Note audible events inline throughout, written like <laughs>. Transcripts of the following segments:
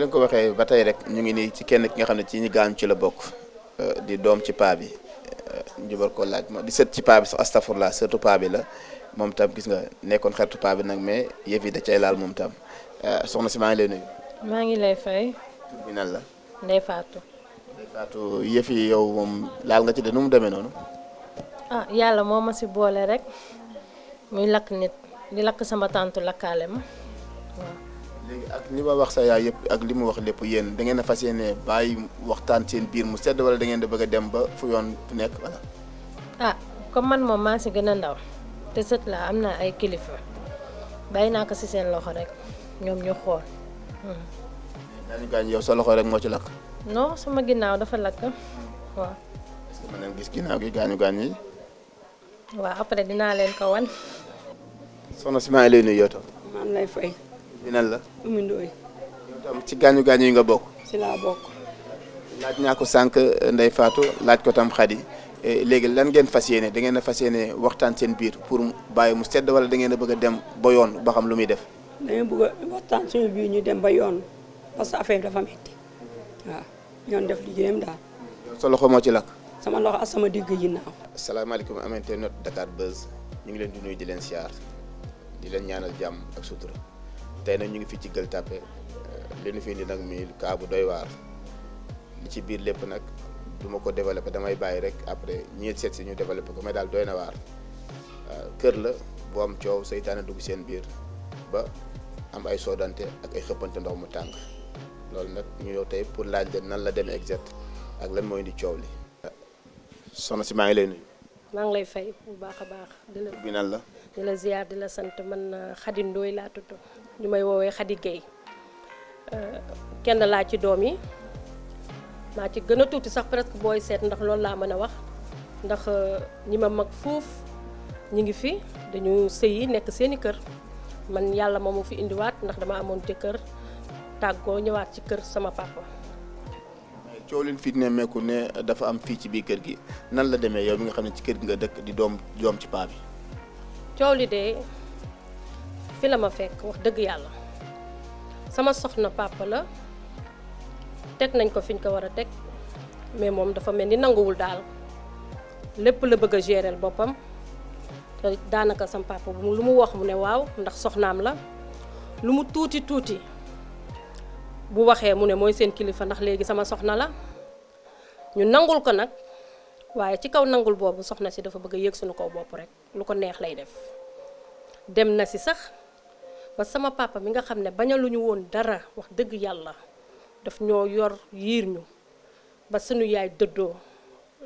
la ko waxee ba tey rek ñu ngi nii ci kenn ki nga xam ne ci ñi gaañu ci la bokk euh, di doom ci paa bi jubar euh, ko laaj di sët ci paa bi sax astafurla sëtu paa bi la moom tam gis nga nekkoon xaritu paa bi nag mais yëf yi da cay laal moom tam euh, soxna si maa ngi lay nuyu. maa ngi lay fay. tur bi nan la. Ndeye Fatou. Ndeye Fatou yow moom laal nga ci de nu mu demee noonu. ah yàlla moo ma si boole rek muy lakk nit di lakk sama tàntu lakkaale ma léegi ak li ma wax sa yaay yëpp ak li mu wax lépp yéen da ngeen a fas yéene bàyyi waxtaan seen biir mu sedd wala da ngeen di bëgg a dem ba fu yoon fu nekk wala. ah comme man moom maa si gën a ndaw te sët la am na ay kilifa bàyyi naa ko si seen loxo rek ñoom ñu xool. Hmm. daañu rek moo ci lakk. non sama ginnaaw dafa lakk waaw. est-ce que mën nañu gis ginnaaw gi après dinaa leen ko wan. soxna si maa ngi lay ñu la. Oumy ci gaañu gaañu yi nga bokk. ci laa bokk. laaj naa ko sànq euh, ndey Fatou laaj ko tam Khady euh, léegi lan ngeen fas yéene da ngeen a fas yéene waxtaan seen biir pour bàyyi mu sedd wala da ngeen bëgg a dem ba yoon ba xam lu muy def. dañoo bëgg a waxtaan suñu biir ñu dem ba yoon parce que affaire bi dafa metti waaw ñoon def liggéeyam daal. sa loxo moo ci lakk. sama loxo ak sama digg yi naaw. asalaamaaleykum am nañu tey Dakar Buzz ñu ngi leen di nuyu di leen siyaar di leen ñaanal jàmm ak tey nag ñu ngi fii ci Gueule Tapée euh, li ñu nag mi kaa bu doy waar ci biir lépp nag du ko développé damay bàyyi rek après ñi seet si ñu développé ko mais daal doy na waar euh, kër la bu am coow seytaane dugg seen biir ba am ay soodante ak ay xëppante ndox mu tàng loolu nag ñu yow tey pour laaj leen nan la demee exact ak lan mooy indi coow li. soxna si maa ngi lay nuyu. maa ngi lay fay bu baax a baax. di la bi nan la. di la la sant man euh, Khady Ndoye laa tudd. ñu may woowee Khady Gueye euh, kenn laa ci doom yi maa ci gën a tuuti sax presque booy seet ndax loolu laa mën a wax ndax euh, ñi ma mag fuuf ñi ngi fi dañu sëyi nekk seeni kër man yàlla moom mu fi indiwaat ndax dama amoon jëkkër tàggoo ñëwaat ci kër sama papa. coow leen fii nemmeeku ne dafa am fii ci biir kër gi nan la demee yow mi nga xam ne ci kër gi nga dëkk di doom doom ci paa bi. coow li de fi la ma fekk wax dëgg yàlla sama soxna papa la teg nañ ko fiñ ko war a teg mais moom dafa mel ni nanguwul daal lépp la bëgg a gérer boppam te daanaka sama papa bu lu mu wax mu ne waaw ndax soxnaam la lu mu tuuti tuuti bu waxee mu ne mooy seen kilifa ndax léegi sama soxna la ñu nangul ko nag waaye ci kaw nangul boobu soxna si dafa bëgg a yéeg suñu kaw bopp rek lu ko neex lay def dem na si sax ba sama papa mi nga xam ne bañaluñu woon dara wax dëgg yàlla daf ñoo yor yiir ñu ba sunu yaay dëddoo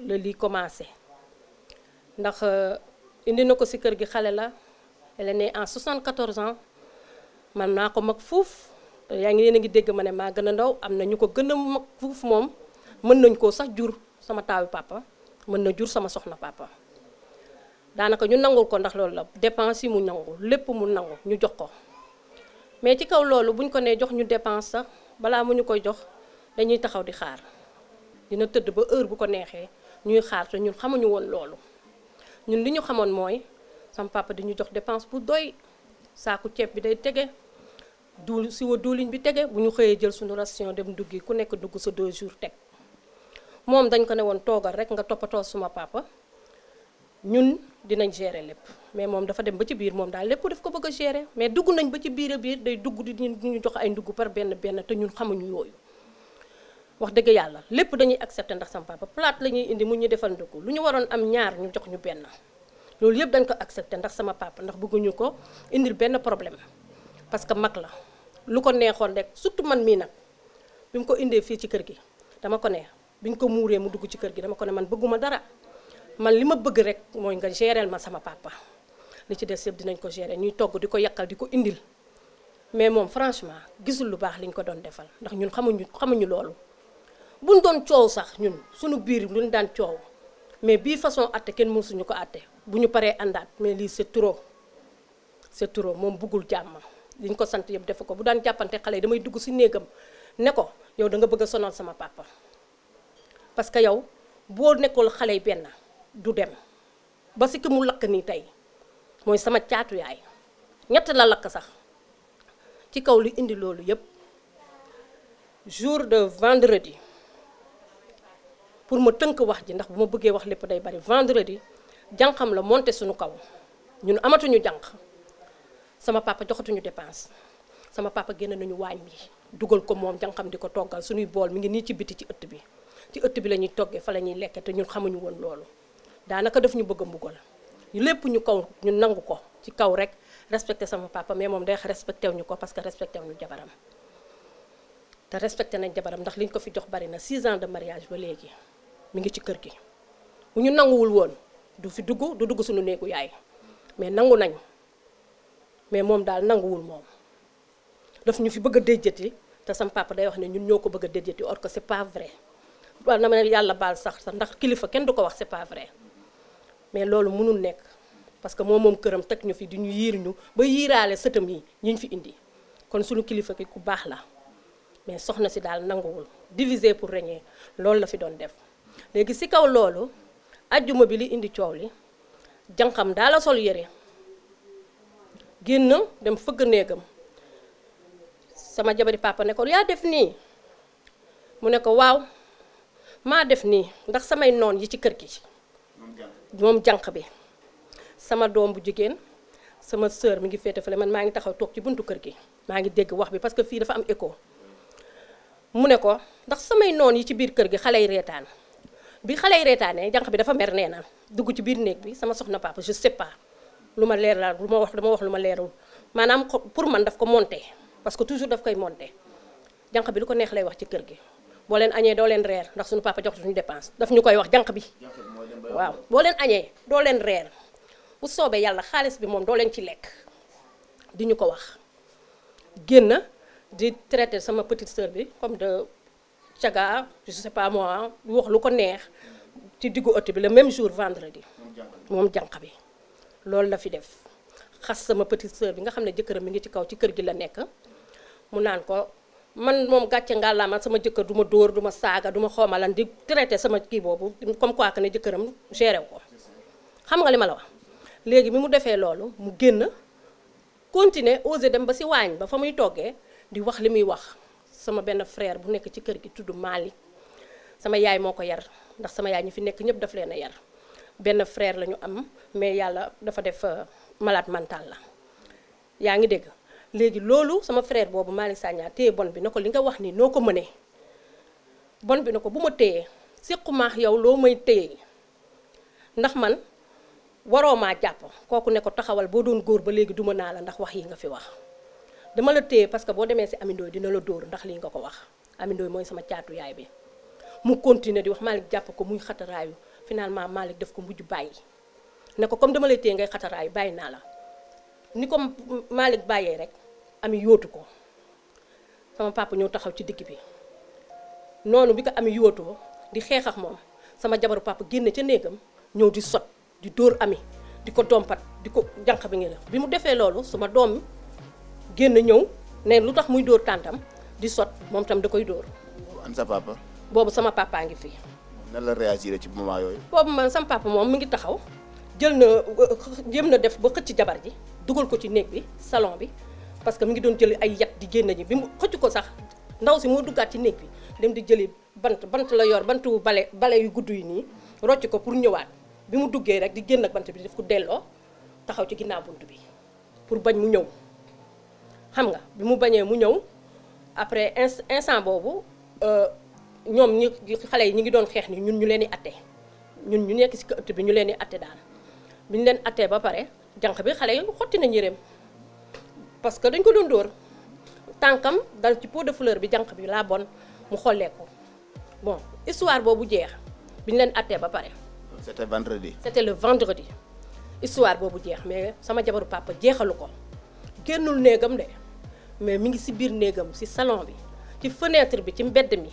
la lii commencé ndax euh, indi na ko si kër gi xale la elle est née en 74 ans man naa ko mag fuuf yaa ngi leen a ngi dégg ma ne maa gën a ndaw am na ñu ko gën a mag fuuf moom mën nañ koo sax jur sama taawi papa mën na jur sama soxna papa daanaka ñu nangul ko ndax loolu la dépense yi mu nangu lépp mu nangu ñu jox ko mais ci kaw loolu buñ ko nee jox ñu dépense sax balaa mu ñu koy jox dañuy taxaw di xaar dina tëdd ba heure bu ko neexee ñuy xaar te ñun xamuñu woon loolu ñun li ñu xamoon mooy sama di ñu jox dépense bu doy saaku ceeb bi day tege duul siwa duuliñ bi tege bu ñu xëyee jël suñu ration dem duggi ku nekk dugg sa deux jours teg moom dañ ko ne woon toogal rek nga toppatoo suma papa ñun dinañ gérer lépp mais moom dafa dem ba ci biir moom daal lépp daf ko bëgg a mais dugg nañ ba ci biir biir day dugg di ñu jox ay ndugg par benn benn te ñun xamuñu yooyu wax dëgg yàlla lépp dañuy accepté ndax sama papa plate la ñuy indi mu ñu defal ndugg lu ñu waroon am ñaar ñu jox ñu benn loolu yëpp dañ ko accepté ndax sama papa ndax bëgguñu ko indil benn problème parce que mag la lu ko neexoon rek surtout man mii nag bi mu ko indee fii ci kër gi dama ko ne bi ñu ko muuree mu dugg ci kër gi dama ko ne man bëgguma dara man li ma bëgg rek mooy nga géreel ma sama papa li ci des yëpp dinañ ko gérer ñuy togg di ko yàqal di ko indil mais moom franchement gisul lu baax liñ ko doon defal ndax ñun xamuñu xamuñu loolu buñ doon coow sax ñun suñu biir lu luñ daan coow mais bii façon atte kenn mësuñu ko atte bu ñu paree àndaat mais lii c'est trop c'est trop moom bëggul jàmm liñ ko sant yëpp defa ko bu daan jàppante xale yi damay dugg si néegam ne ko yow da nga bëgg a sonal sama papa parce que yow boo nekkul xale yi benn du dem ba si ki mu lakk nii tey mooy sama caatu yaay ñett la lakk sax ci kaw li indi loolu yëpp jour de vendredi pour ma tënk wax ji ndax bu ma bëggee wax lépp day bari vendredi jànqam la moonte suñu kaw ñun amatuñu janq sama papa joxatuñu dépense sama papa génn nañu waañ bi dugal ko moom janqam di ko toggal suñuy bool mi ngi nii ci biti ci ëtt bi ci ëtt bi la ñuy toggee fa la ñuy lekke te ñun xamuñu woon loolu daanaka def ñu bëgg a mbugal ñu lépp ñu kaw ñu nangu ko ci kaw rek respecte sama papa mais moom day respecté wuñu ko parce que respecté wuñu jabaram te respecté nañ jabaram ndax liñ ko fi jox bari na 6 ans de mariage ba léegi mu ngi ci kër gi bu ñu nanguwul woon du fi dugg du dugg suñu néegu yaay mais nangu nañ mais moom daal nanguwul moom daf ñu fi bëgg a te sama papa day wax ne ñun ñoo ko bëgg a or que c'est pas vrai waaw ma ne yàlla baal sax sax ndax kilifa kenn du ko wax c'est pas mais loolu mënul nekk parce que moom moom këram teg ñu fi di ñu yiir ñu ba yiiraale sëtam yi ñu fi indi kon suñu kilifa ki ku baax la mais soxna si daal nanguwul diviser pour régner loolu la fi doon def léegi si kaw loolu ajjuma bi li indi coow li janqam daala sol yére génn dem fëgg néegam sama jabari papa ne yaa def nii mu ne ko waaw maa def nii ndax samay noon yi ci kër gi moom jànq bi sama doom bu jigéen sama sœur mu ngi féete fële man maa ngi taxaw toog ci buntu kër gi maa ngi dégg wax bi parce que fii dafa am écho mu ne ko ndax samay noon yi ci biir kër gi xale yi reetaan bi xale yi reetaanee jànq bi dafa mer nee na dugg ci biir néeg bi sama soxna papa je sais pas ma leer la lu ma wax dama wax lu ma leerul maanaam pour man daf ko monter parce que toujours daf koy monter jànq bi lu ko neex lay wax ci kër gi boo leen añee doo leen reer ndax suñu papa jox suñu dépense daf ñu koy wax jànq bi waaw boo leen añee doo leen reer bu soobee yàlla xaalis bi moom doo leen ci lekk di ñu ko wax génn di traiter sama petite sœur bi comme de caga je sa pas moi wax lu ko neex ci diggu ëtt bi le même jour vendredi moom jànq bi loolu la fi def xas sama petite sœur bi nga xam ne jëkkëram mi ngi ci kaw ci kër gi la nekk mu naan ko man moom gàcce ngàllaa man sama jëkkër du ma dóor du ma saaga du ma lan di traité sama kii boobu comme quoi que ne jëkkëram géré ko xam nga li ma la wax léegi bi mu defee loolu mu génn continuer osé dem ba si waañ ba fa muy toggee di wax li muy wax sama benn frère bu nekk ci kër gi tudd Malick sama yaay moo ko yar ndax sama yaay ñi fi nekk ñëpp daf leen a yar benn frère la ñu am mais yàlla dafa def euh, malaat mental la yaa ngi dégg léegi loolu sama frère boobu Malick Sagna téye bon bi na ko li nga wax ni noo ko mënee bon bi na ko bu ma téyee siqumaax yow loo may téye ndax man waroo maa jàpp kooku ne ko taxawal boo doon góor ba léegi duma naa la ndax wax yi nga fi wax dama la téye parce que boo demee si amindooy dina la dóor ndax lii nga ko wax amindooy mooy sama caatu yaay bi mu continuer di wax Malick jàpp ko muy xataraayu finalement Malick daf ko mujj bàyyi ne ko comme dama lay téye ngay xataraayu bàyyi naa la ni ko Malick bàyyee rek ami yóotu ko sama papa ñëw taxaw ci digg bi noonu bi ko ami yóotoo di xeex moom sama jabaru papa génne ca néegam ñëw di sot di dóor ami di ko dompat di ko jànq bi ngi la bi mu defee loolu sama doom génn ñëw ne lu tax muy dóor tàntam di sot moom tam da koy dóor. am sa papa. boobu sama papa ngi fi. nan la réagir ci moment yooyu. boobu man sama papa moom mi ngi taxaw jël na jéem na def ba ci jabar ji dugal ko ci néeg bi salon bi. parce que mi ngi doon jëli ay yat di génn ñi bi mu xëcc ko sax ndaw si moo duggaat ci néeg bi dem di jëli bant bant la yor bantu bale bale yu gudd yi nii rocc ko pour ñëwaat bi mu duggee rek di génn ak bant bi def ko delloo taxaw ci ginnaaw bunt bi pour bañ mu ñëw xam nga bi mu bañee mu ñëw après instant boobu euh, ñoom ñi xale yi ñu ngi doon xeex ni ñun ñu leen di atte ñun ñu nekk si ëtt bi ñu leen di atte daal bi ñu leen attee ba pare jànq bi xale yi xotti na njëreem parce que dañ ko doon dóor tànkam dal ci pour de fleur bi jànq bi laa bon mu xolleeku ko bon histoire boobu jeex bi ñu leen attee ba pare. c'était vendredi. c'était le vendredi histoire boobu jeex mais sama jabaru papa jeexalu ko génnul néegam de mais mi ngi si biir néegam si salon bi ci fenêtre bi ci mbedd mi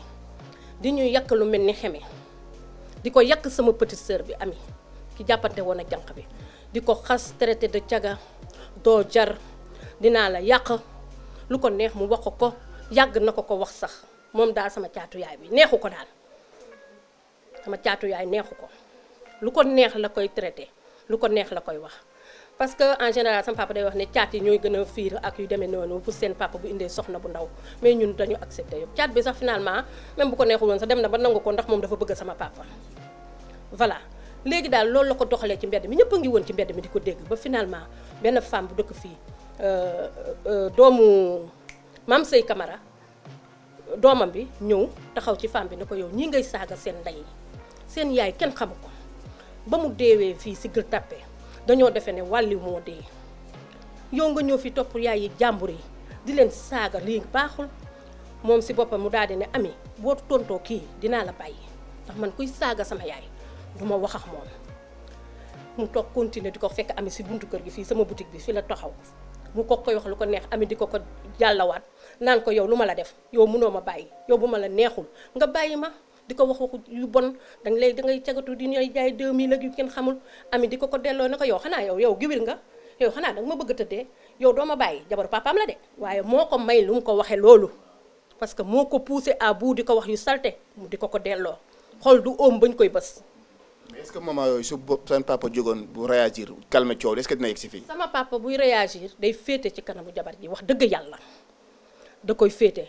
di ñuy yàq lu mel ni xeme di ko yàkk sama petite sœur bi ami ki jàppante woon ak jànq bi di ko xas traité de caga doo jar. dinaa la yàq lu ko neex mu wax ko yàgg na ko ko wax sax moom daal sama caatu yaay bi neexu ko daal sama caatu yaay neexu ko lu ko neex la koy traité lu ko neex la koy wax parce que en général sama papa day wax ne caat yi ñooy gën a fiir ak yu demee noonu pour seen papa bu indee soxna bu ndaw mais ñun dañu accepté yëpp caat bi sax finalement même bu ko neexul woon sax dem na ba nangu ko ndax moom dafa bëgg sama papa voilà léegi daal loolu la ko doxalee ci mbedd mi ñëpp a ngi woon ci mbedd mi di ko dégg ba finalement benn femme bu dëkk fii Euh, euh, doomu Mame Sey kamara doomam bi ñëw taxaw ci femme bi ne ko yow ñi ngay saaga seen ndey seen yaay kenn xamu ko ba mu deewee fii si gër tàppe dañoo defe ne wàlli moo dee yow nga ñëw fi topp yaay yi jàmbur yi di leen saaga lii baaxul moom si boppam mu daal di ne ami boo tontoo kii dinaa la bàyyi ndax man kuy saaga sama yaay du ma wax ak moom mu toog continuer di ko fekk ami si buntu kër gi fii sama boutique bi fi la taxaw mu ko koy wax lu ko neex ami di ko ko jàllawaat naan ko yow lu ma la def yow mënoo ma bàyyi yow bu ma la neexul nga bàyyi ma di ko wax waxu yu bon danga lay dangay cagatu di ñooy jaay 2000 ak yu kenn xamul ami di ko ko delloo ne ko yow xanaa yow yow giwir nga yow xanaa danga ma bëgg a tëddee yow doo ma bàyyi jabaru papaam la de waaye moo ko may lu mu ko waxee loolu parce que moo ko poussé à bout di ko wax yu salte mu di ko ko delloo xool du oom bañ koy bës mais est ce que maman yooyu su bopp seen papa jógoon bu réagir calme coow est ce sama papa buy réagir day féete ci kanamu jabar ji wax dëgg yàlla da koy féete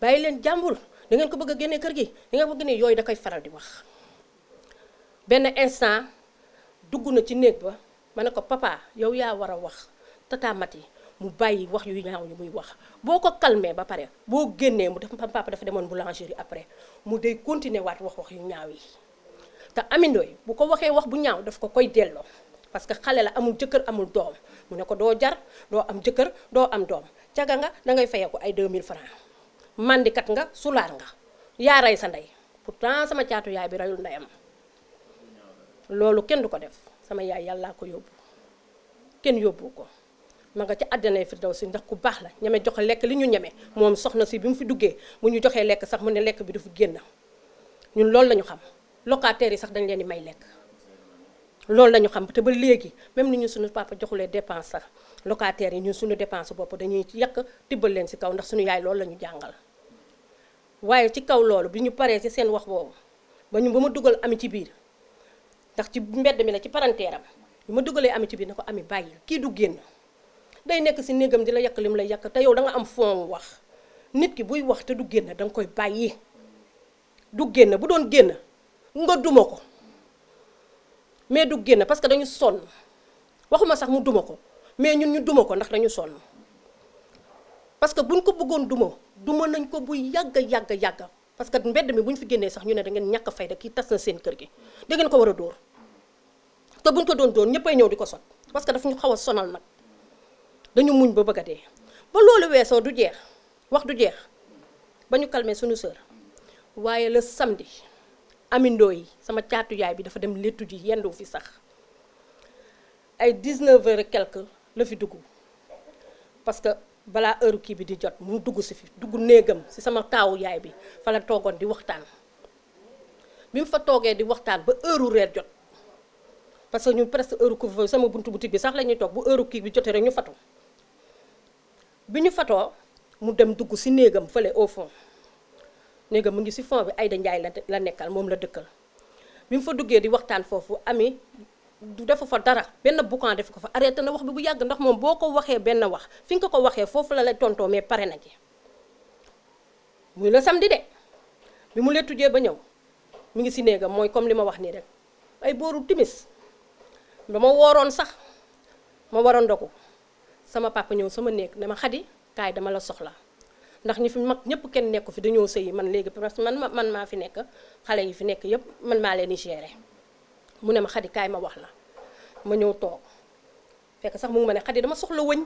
bàyyi leen jàmbur da ngeen ko bëgg a génnee kër gi da ngeen ko génnee yooyu da koy faral di wax benn instant dugg na ci néeg ba ma ne ko papa yow yaa war a wax tata Mati mu bàyyi wax yu ñaaw yu muy wax boo ko calmé ba pare boo génnee mu def papa dafa demoon yi après mu day continuer waat wax wax yu ñaaw yi. te amindooy bu ko waxee wax bu ñaaw daf ko koy delloo parce que xale la amul jëkkër amul doom mu ne ko doo jar doo am jëkkër doo am doom caga nga da ngay ko ay 2000 francs mandikat nga sulaar nga yaa rey sa ndey pourtant sama caatu yaay bi reyul ndeyam loolu kenn du ko def sama yaay yàllaa ko yóbbu kenn yóbbu ko ma nga ci àddina si ndax ku baax la ñeme jox lekk li ñu ñeme moom soxna si bi mu fi duggee bu ñu joxee lekk sax mu ne lekk bi du fi génn ñun loolu la ñu xam locataires yi sax dañ leen di may lekk loolu lañu xam te ba léegi même ni ñu suñu papa joxulee dépense sax locataires yi ñu suñu dépense bopp dañuy yàq tibbal leen ci kaw ndax suñu yaay loolu lañu jàngal waaye ci kaw loolu bi ñu paree ci seen wax boobu ba ñu ba ma dugal ami ci biir ndax ci mbedd mi la ci paranteeram bi ma dugalee ami ci biir na ko ami bàyyil kii du génn day nekk ci néegam di la yàq lim lay yàq te yow da am fond wax nit ki buy wax te du génn da koy bàyyi du génn bu doon génn nga duma ko mais du génn parce que dañu sonn waxuma sax mu duma ko mais ñun ñu duma ko ndax dañu sonn parce que buñ ko bëggoon duma duma nañ ko bu yàgg yàgg yàgg parce que mbedd mi bu ñu fi génnee sax ñu ne dangeen ngeen ñàkk fayda kii tas na seen kër gi da ngeen ko war a dóor te buñ ko doon dóor ñëppay ñëw di ko sot parce que daf ñu xaw a sonal nag dañu muñ ba bëgg a dee ba loolu weesoo du jeex wax du jeex ba ñu calmer suñu sœur waaye le samedi amindoo yi sama caatu yaay bi dafa dem léttu ji yendu fi sax ay 19 heures quelque la fi dugg parce que balaa heure kii bi di jot mu dugg si fi dugg néegam si sama taawu yaay bi fa la toogoon di waxtaan bi mu fa toogee di waxtaan ba heure reer jot parce que ñun presque heure couvre-feu sama buntu boutique bi sax la ñuy toog bu heure kii bi jotee rek ñu fatu bi ñu fatoo mu dem dugg si néegam fële au fond néegam mu ngi si fond bi Aïda Ndiaye la la nekkal moom la dëkkal bi mu fa duggee di waxtaan foofu ami du defu fa dara benn boucan def ko fa arrêté na wax bi bu yàgg ndax moom boo ko waxee benn wax fi nga ko ko waxee foofu la lay tontoo mais pare na ci muy la samedi de bi mu leen tujjee ba ñëw mu ngi si néegam mooy comme li ma wax nii rek ay booru timis dama wooroon sax ma war a ndogu sama papa ñëw sama néeg dama xadi kaay dama la soxla ndax ñi fi mag ñëpp kenn nekku fi dañoo sëyi man léegi parce que man man maa fi nekk xale yi fi nekk yëpp man maa leen di gérer mu ne ma xadi kaay ma wax la ma ñëw toog fekk sax mu ngi ma ne xadi dama soxla wëñ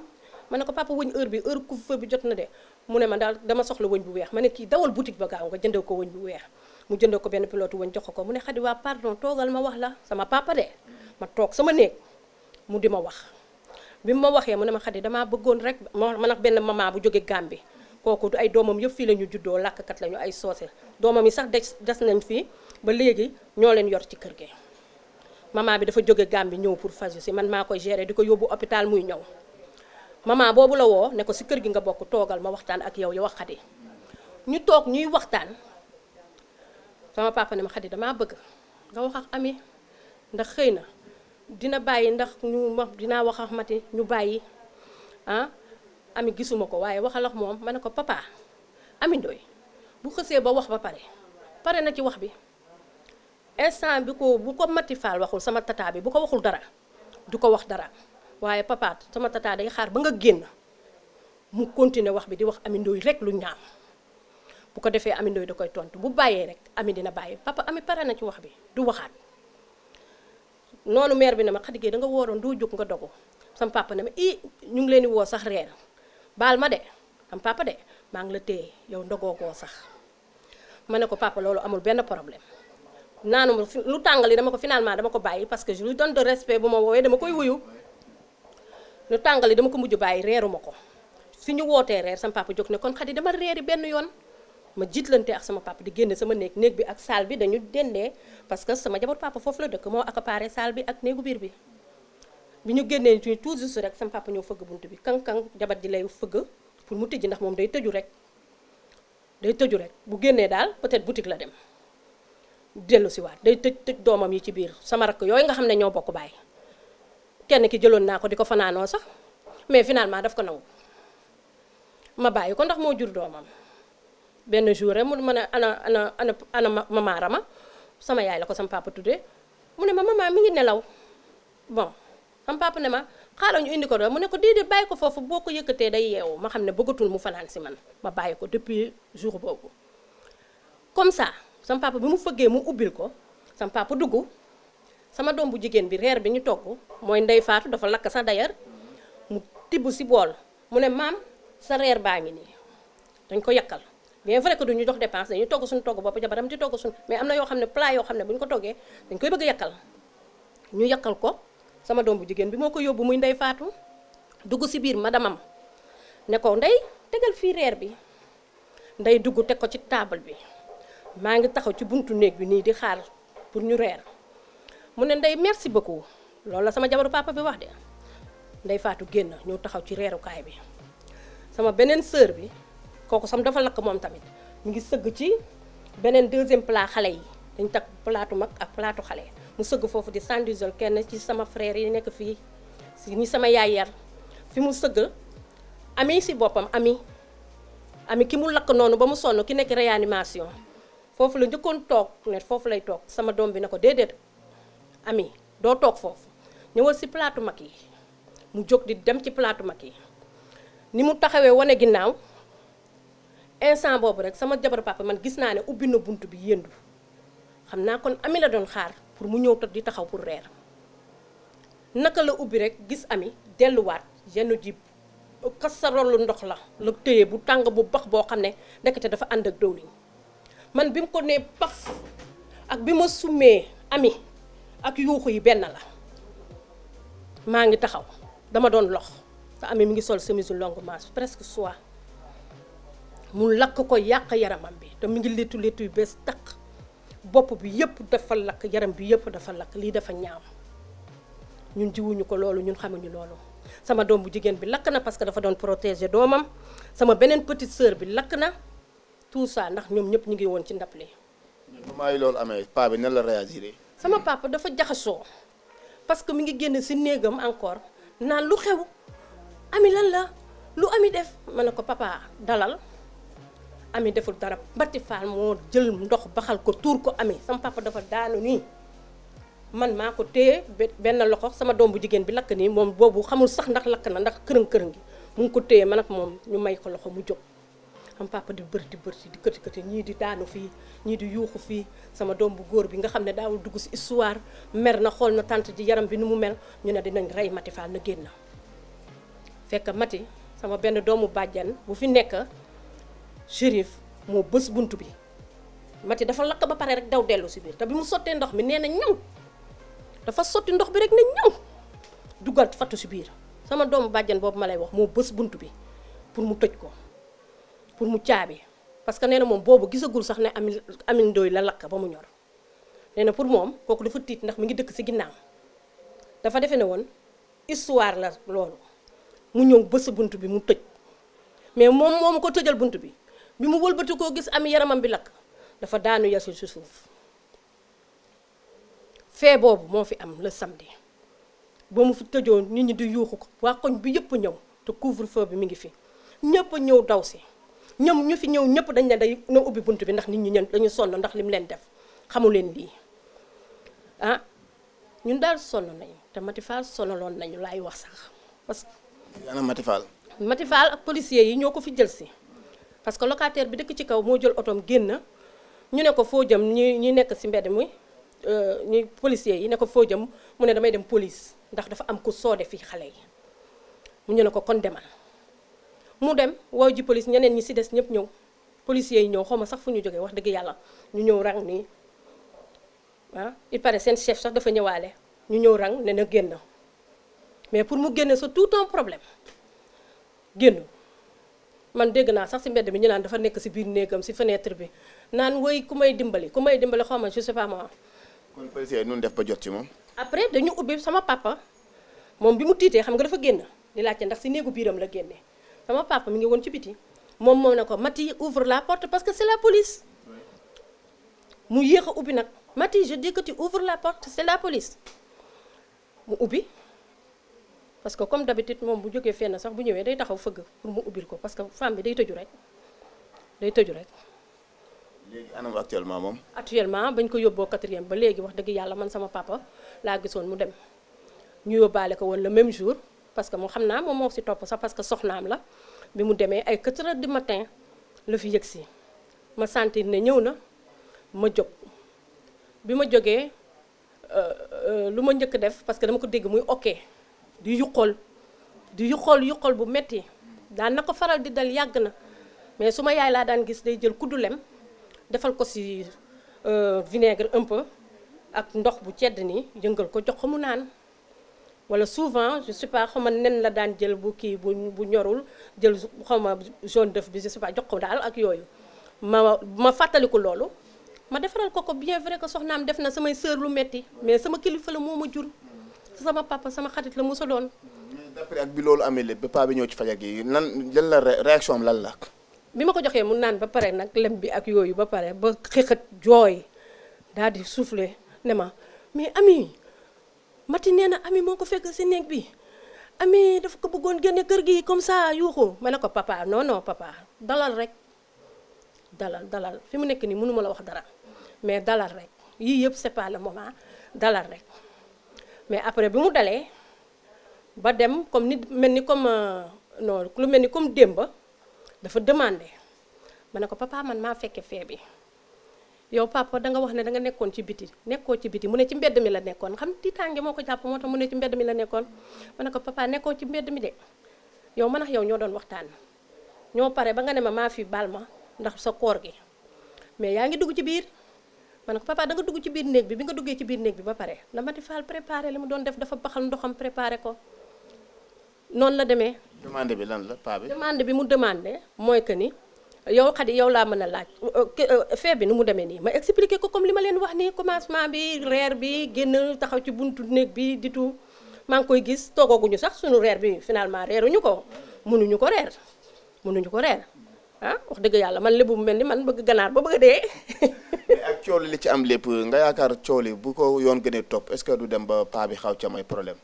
ma ne ko papa wëñ heure bi heure couvre bi jot na de mu ne ma daal dama soxla wëñ bu weex ma ne kii dawal boutique ba gaaw nga jëndal ko wëñ bu weex mu jëndal ko benn pilote wëñ jox ko mu ne xadi waa pardon toogal ma wax la sama papa de ma toog sama néeg mu di ma wax bi ma waxee mu ne ma xadi damaa bëggoon rek ma man ak benn maman bu jóge bi kooku du ay doomam yëpp fii la ñu juddoo làkkat lañu ay soose doomam yi sax des des nañ fii ba léegi ñoo leen yor ci kër gi maman bi dafa jóge Gambie ñëw pour faju si man maa koy gérer di ko yóbbu hôpital muy ñëw maman boobu la woo ne ko si kër gi nga bokk toogal ma waxtaan ak yow yow wax Xadi ñu toog ñuy waxtaan sama papa ne ma Xadi damaa bëgg nga wax ak ami ndax xëy na dina bàyyi ndax ñu ma dinaa wax ak mati ñu bàyyi ah. ami gisuma ko waaye waxal lax moom ma ne ko papa Ami Ndoye bu xësee ba wax ba pare pare na ci wax bi instant bi ko bu ko Mati Fall waxul sama tata bi bu ko waxul dara du ko wax dara waaye papa sama tata day xaar ba nga génn mu continuer wax bi di wax Ami Ndoye rek lu ñaam bu ko defee Ami Ndoye da koy tontu bu bàyyee rek Ami dina bàyyi papa Ami pare na ci wax bi du waxaat noonu meer bi ne ma xadigee da nga wooroon doo jóg nga dogu sama papa ñu ngi leen di woo sax reer baal ma de am papa de maa ngi la téye yow ndogoo koo sax ma ne ko papa loolu amul benn problème naanuma lu tàngali dama ko finalement dama ko bàyyi parce que je lui donne de respect bu ma dama koy wuyu lu tàngali dama ko mujj bàyyi reeruma ko su ñu wootee reer sama papa jóg ne kon xadi dama reeri benn yoon ma jiitlante ak sama papa di génne sama néeg néeg bi ak salle bi dañu dendee parce que sama jabar papa foofu la dëkk moo accaparé salle bi ak néegu biir bi bi ñu génnee tuuti tout juste rek sama papa ñoo fëgg bunt bi kankang jabar ji lay fëgg pour mu tijji ndax moom day tëju rek day tëju rek bu génnee daal peut-être boutique la dem dellu si waat day tëj tëj doomam yi ci biir sama rakk yooyu nga xam ne ñoo bokk bàyyi kenn ki jëloon naa ko di ko fanaanoo sax mais finalement daf ko naw ma bàyyi ko ndax moo jur doomam benn jour rek mu mën a ana ana ana ana mama Rama sama yaay la ko sama papa mu ne ma maman mi ngi nelaw bon xam papa ne ma xaaral ñu indi ko doon mu ne ko déedéet bàyyi ko foofu boo ko yëkkatee day yeewu ma xam ne bëggatul mu fanaan si man ma bàyyi ko depuis jour boobu. comme ça sama bi mu fëggee mu ubbil ko sama papa dugg sama doom bu jigéen bi reer bi ñu togg mooy ndey faatu dafa lakk sa d'ailleurs mu tibb si bool mu ne maam sa reer baa ngi nii dañ ko yàkkal bien vrai que duñu jox dépense ñu togg suñu togg bopp jabaram di togg suñu mais am na yoo xam ne plat yoo xam ne bu ko toggee dañ koy bëgg yàkkal ñu yàkkal ko. sama doom bu jigéen bi moo ko yóbbu muy ndey faatu dugg si biir madamam ne ko ndey tegal fii reer bi ndey dugg teg ko ci taabal bi maa ngi taxaw ci buntu néeg bi nii di xaal pour ñu reer mu ne ndey merci beaucoup loolu la sama jabaru papa bi wax de ndey faatu génn ñëw taxaw ci reerukaay bi sama beneen sœur bi kooku sam dafa lakk moom tamit mu ngi sëgg ci beneen deuxième plat xale yi dañ takk plaatu mag ak plaatu xale mu sëgg foofu di sandisol kenn ci sama frère yi nekk fii si ñi sama yaay yar fi mu sëgg ami si boppam ami ami ki mu lakk noonu ba mu sonn ki nekk réanimation foofu la njëkkoon toog ne foofu lay toog sama doom bi na ko déedéet ami doo toog foofu ñëwal si plateau mag yi mu jóg di dem ci plateau mag yi ni mu taxawee wane ginnaaw instant boobu rek sama jabar papa man gis naa ne ubbi na bunt bi yëndu xam naa kon ami la doon xaar pour mu ñëw toog di taxaw pour reer naka la ubbi rek gis ami delluwaat yenn ji kasarolu ndox la la téye bu tàng bu bax boo xam ne ndekete dafa ànd ak dëwliñ man bi mu ko nee paf ak bi ma summee ami ak yuuxu yi benn la maa ngi taxaw dama doon lox te ami mi ngi sol chemise longue manche presque soie mu lakk ko yàq yaramam bi te mu ngi léttu léttu yi bees taq bopp bi yëpp dafa lakk yaram bi yëpp dafa lakk lii dafa ñaaw ñun jiwuñu ko loolu ñun xamuñu loolu sama doom bu jigéen bi lakk na parce que dafa doon protéger doomam sama beneen petite sœur bi lakk na tout ça ndax ñoom ñëpp ñu ngi woon ci ndab li. moment loolu amee paa bi nan la réagir. sama papa dafa jaxasoo parce que mi ngi génn si néegam encore naan lu xew ami lan la lu ami def ma ne ko papa dalal. ami deful dara Mbati Fall moo jël ndox baxal ko tuur ko ami sama papa dafa daanu nii man maa ko téye benn loxo sama doom bu jigéen bi lakk nii moom boobu xamul sax ndax lakk na ndax kërën-kërën gi mu ngi ko téye man ak moom ñu may ko loxo mu jóg am papa di bërti bërti di këti këti ñii di daanu fii ñii di yuuxu fii sama doom bu góor bi nga xam ne daawul dugg si histoire mer na xool na tante ji yaram bi nu mu mel ñu ne dinañ rey Mati Fall na génn fekk Mati sama benn doomu bàjjan bu fi nekk Chérif moo bës bunt bi Mati dafa lakk ba pare rek daw dellu si biir te bi mu sottee ndox mi nee na ñaw dafa sotti ndox bi rek ne ñaw dugal fattu si biir sama doomu bàjjen boobu ma lay wax moo bës bunt bi pour mu tëj ko pour mu caabi parce que nee na moom boobu gisagul sax ne ami ami ndooy la lakk ba mu ñor nee na pour moom kooku dafa tiit ndax mi ngi dëkk si ginnaaw dafa defe ne woon histoire la loolu mu ñëw bës bunt bi mu tëj mais moom moomu ko tëjal bunt bi bi mu wëlbati koo gis am yaramam bi lakk dafa daanu yasul si suuf fee boobu moo fi am la samedi ba mu fi tëjoon nit ñi di yuuxu ko waa koñ bi yëpp ñëw te couvre-feu bi mi ngi fi ñëpp ñëw daw si ñoom ñu fi ñëw ñëpp dañ ne day na ubbi bunt bi ndax nit ñi ñen dañu sonn ndax li mu leen def xamu leen lii ah, ñun daal sonn nañ te Matifal sonaloon nañu laay wax sax parce que. ana Matifal. Matifal ak policiers yi ñoo ko fi jël si. parce que locataire bi dëkk ci kaw moo jël otoom génn ñu ne ko foo jëm ñi ñi nekk si mbedd mi euh, ñuy policier yi ne ko foo jëm mu ne damay dem police ndax dafa am ku soode fii xale yi mu ñu ne ko kon demal mu dem woow ji police ñeneen ñi si des ñëpp ñëw policiers yi ñëw xaw ma sax fu ñu jógee wax dëgg yàlla ñu ñëw rang nii ah il pare seen chef sax dafa ñëwaale ñu ñëw rang ne na génn mais pour mu génne sa tout un problème génn man dégg naa sax si mbedd mi ñu naan dafa nekk si biir néegam si fenêtre bi naan woy ku may dimbali ku may dimbali xaw a je sais pas moi. kon policier nun def ba jot ci moom. après sama papa moom bi mu tiitee xam nga dafa génn di laajte ndax si néegu biiram la génnee sama papa mi ngi woon ci biti moom moo ne ko Mati ouvre la porte parce que c'est la police mu yéex a ubbi nag Mati je dis que tu la porte c'est la police mu ubbi. parce que comme d'habitude moom bu jógee fenn sax bu ñëwee day taxaw fëgg pour mu ubbil ko parce que femme bi day tëju rek day tëju rek. léegi anam actuellement moom. actuellement bañ ko yóbboo quatrième ba léegi wax dëgg yàlla man sama papa laa gisoon mu dem ñu yóbbaale ko woon le même jour parce que moo xam naa moom moo si topp sax parce que soxnaam la bi mu demee ay 4 heures du matin la fi yëg si ma sentir ne ñëw na ma jóg bi ma jógee euh, euh, lu ma njëkk def parce que dama ko dégg muy ok. di yuqal di yuqal yuqal bu metti daan na ko faral di dal yàgg na mais su ma yaay laa daan gis day jël kuddu lem defal ko ci euh, vinaigre un peu ak ndox bu cedd nii yëngal ko jox ko mu naan wala souvent je sais pas xaw ma nen la daan jël bu kii bu bu ñorul jël xaw ma jaune d'œuf bi je sais jox ko daal ak yooyu ma ma fàttaliku loolu ma defaral ko ko bien vrai que soxnaam def na samay sœur lu metti mais sama kilifa la moo ma jur sama papa sama xarit la mu soloon doon. bi loolu amee lépp ba paa bi ñëw ci fajag yi nan lan la réaction am lan la. bi ma ko joxee mu naan ba pare nag lem bi ak yooyu ba pare ba xëxët jooy daal di soufflé ne ma mais ami mati nee na ami moo ko fekk si néeg bi ami dafa ko bëggoon génne kër gi comme ça yuuxu ma ne ko papa non non papa dalal rek dalal dalal fi mu nekk nii mënuma la wax dara mais dalal rek yii yëpp c'est la le moment dalal rek mais après bi mu dalee ba dem comme nit mel ni comme euh, noonu lu mel ni comme démba dafa demande ma ne ko papa man maa fekke fee bi yow papa da wax ne danga nekkoon ci biti nekkoo ci biti mu ne ci mbedd mi la nekkoon xam tiitaange moo ko jàpp moo tax mu ne ci mbedd mi la nekkoon ma ne ko papa nekkoo ci mbedd mi de yow man ak yow ñoo doon waxtaan ñoo pare ba nga ne ma maa fi baal ma ndax sa koor gi mais yaa ngi dugg ci biir. ma ne ko dugg ci biir néeg bi bi nga duggee ci biir néeg bi ba pare la Mati Fall préparé li mu doon def dafa baxal ndoxam préparé ko noonu la demee. demande bi lan la paa bi. bi mu demandé mooy que ni yow xadi yow laa mën a laaj fee euh, euh, bi nu mu demee nii ma expliqué ko comme li ma leen wax nii commencement bi reer bi génn taxaw ci buntu néeg bi di tout maa ngi koy gis toogooguñu sax suñu reer bi finalement reeruñu ko munuñu ko reer mënuñu ko reer ah wax dëgg yàlla man lébu mu mel ni man bëgg ganaar ba bëgg dee. <laughs> mais ak coow li ci am lépp nga yaakaar coow li bu ko yoon gënee topp est-ce que du dem ba paa bi xaw ci am problème.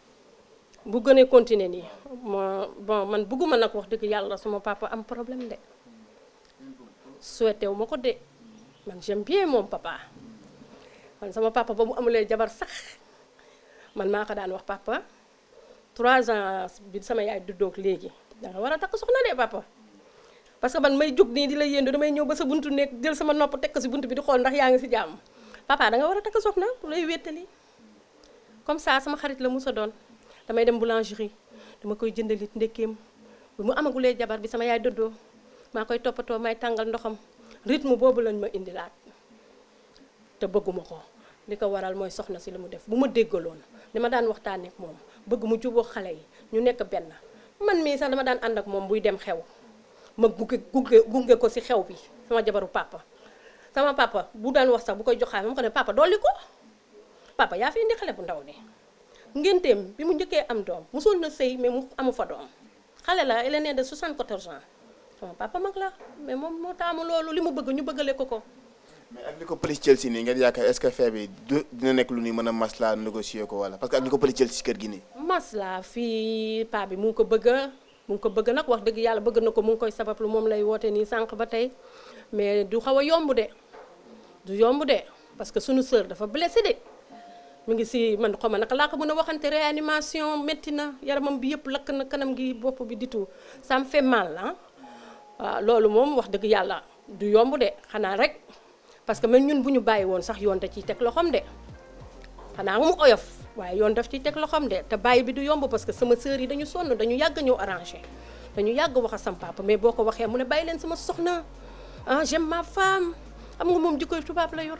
bu gënee continuer nii ma bon man bëgguma nag wax dëgg yàlla suma papa am problème de souhaité wu ma ko de man j'aime bien moom papa man sama papa ba mu amulee jabar sax man maa ko daan wax papa trois ans bi sama yaay duddoog léegi da nga war a takk soxna de papa. parce que man may jóg nii di la yéendo damay ñëw ba sa buntu nekk jël sama nopp teg ko si buntu bi di xool ndax yaa ngi si jàmm papa da war a takk soxna lay wéttali comme ça sama xarit la musa doon damay dem boulangerie dama koy jëndalit ndekeem bu mu amagulee jabar bi sama yaay doddoo maa koy toppatoo may tàngal ndoxam rythme boobu lañ ma indilaat te bëgguma ko li ko waral mooy soxna si li mu def bu ma déggaloon li ma daan waxtaanee moom bëgg mu juboo xale yi ñu nekk benn man mii sax dama daan ànd ak moom buy dem xew ma gunge gunge gunge ko si xew bi sama jabaru papa sama papa bu daan wax sax bu koy joxaat ma ko ne papa dolli ko papa yaa fi indi xale bu ndaw bi ngénteem bi mu njëkkee am doom musul na sëy mais mu amu fa doom xale la elle est née de 74 ans sama papa mag la mais moom moo taamu loolu li mu bëgg ñu bëggale ko ko. mais ak li ko police jël si nii ngeen yaakaar est-ce que fee dina nekk lu ñuy mën a maslaa négocier ko wala parce que ak li ko police jël si kër gi nii. maslaa fii paa mu ngi ko bëgg nag wax dëgg yàlla bëgg na ko mu ngi koy sabablu moom lay woote nii sànq ba tey mais du xaw a yomb de du yomb de parce que sunu sœur dafa blessé de mu ngi si man xaw ma naka laa ko mën a waxante métti na yaramam bi yëpp lakk na kanam gi bopp bi di tout ça me fait loolu moom wax dëgg yàlla du yomb de xanaa rek parce que même ñun bu ñu bàyyi woon sax yoon da ciy teg loxoom de xanaa mu oyof. waaye yoon daf ci teg loxoom de te bàyyi bi du yomb parce que sama sœur yi dañu sonn dañu yàgg ñëw arrangé dañu yàgg wax a sam papa mais boo ko waxee mu ne bàyyi leen sama soxna ah j'aime ma fem am nga moom jikkoy tubaab la yor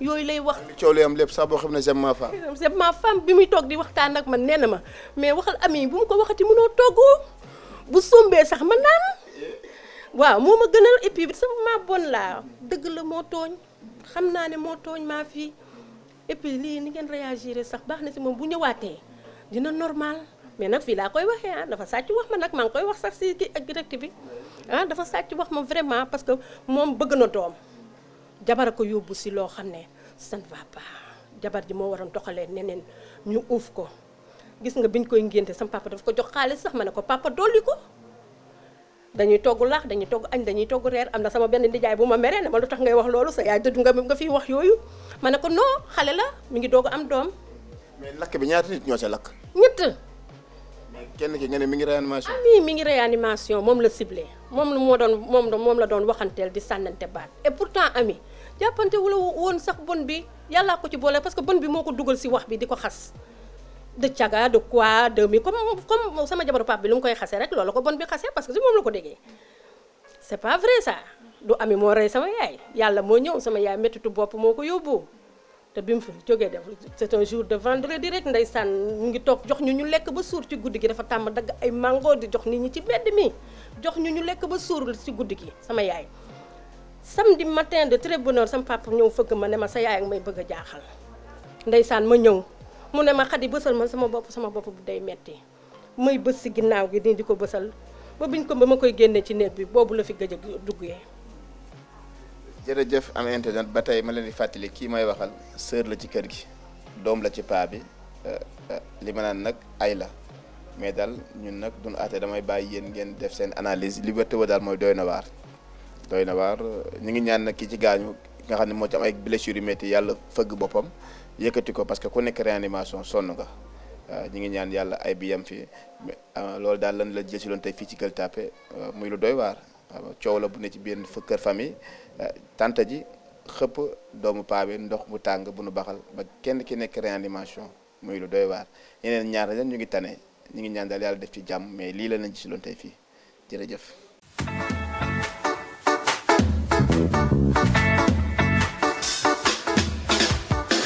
yooyu lay wax. coow li am lépp sax boo xam ne j'aime ma femme. j'aime bi muy toog di waxtaan ak man nee na ma mais waxal ami bu mu ko waxati mënoo togg bu sombee sax ma naan waaw moo ma gënal et puis sama ma bon laa dëgg la moo tooñ xam naa ne moo tooñ maa fii. et lii ni ngeen réagir sax baax na si moom bu ñëwaatee dina normal mais nag fii laa koy waxee ah dafa sàcc wax ma nag maa ngi koy wax sax si kii ak direct bi ah dafa sàcc wax ma vraiment parce que moom bëgg na doom jabar ko yóbbu si loo xam ne ça ne va ji moo waroon doxalee neneen ñu uuf ko gis nga biñ koy ngénte sama papa dafa ko jox xaalis sax ma ne ko papa dolli ko dañuy togg laax dañuy togg añ dañuy togg reer am na sama benn nijaay bu ma meree ne ma lu tax ngay wax loolu sa yaay dëddu nga nga fiy wax yooyu ma ne ko non xale la mi ngi doog am doom. mais lakk bi ñaata nit ñoo sa lakk. ñett. kenn ki nga mi ngi réanimation. oui ah, mi ngi réanimation moom la sible moom la moo doon moom moom la doon waxanteel di sànnante baat et pourtant ami jàppante wula woon sax bon bi yàllaa ko ci boole parce que bon bi moo ko dugal si wax bi di ko xas. de caga de quoi de mi comme comme sama jabaru pap bi lu mu koy xase rek loolu ko bon bi xase parce que si moom la ko déggee c'est pas vrai ça. du ami moo rey sama yaay yàlla moo ñëw sama yaay méttitu bopp moo ko yóbbu te bi mu fi jógee def c'est un jour de vendredi rek saan mu ngi toog jox ñu ñu lekk ba suur ci guddi gi dafa tàmm dagg ay mango di jox nit ñi ci mbedd jox ñu ñu lekk ba suur ci guddi gi sama yaay samedi matin de très bonne heure sama papa ñëw fëgg ma ne ma sa yaay ak may bëgg a jaaxal ndeysaan ma ñëw mu ne ma xadi bësal ma sama bopp sama bopp bu day metti may bës si ginnaaw gi nii di ko bësal ba biñ ko ba ma koy génnee ci néeg bi boobu la fi gëj a duggee jërëjëf am internet ba tey ma leen di fàttali kii may waxal sœur la ci kër gi doom la ci paa bi euh, euh, li ma naan nag ay la mais daal ñun nag duñ àtte damay bàyyi yéen ngeen def seen analyse liberté wa daal mooy doy na waar doy na waar euh, ñu ngi ñaan nag kii ci gaañu nga xam ne moo ci ay blessures yu métti yàlla fëgg boppam yëkkati ko parce que ku nekk réanimation sonn nga ñu ngi ñaan yàlla ay bi yam fi loolu daal lan la jël si loon tey fii ci Gueule Tapée muy lu doy waar coow la bu ne ci benn kër famille tante ji xëpp doomu paa ndox mu tàng bu nu baxal ba kenn ki nekk réanimation muy lu doy waar yeneen ñaar ñu ngi tane ñu ngi ñaan dal yàlla def ci jàmm mais lii la nañ ci loon tey fii jërëjëf.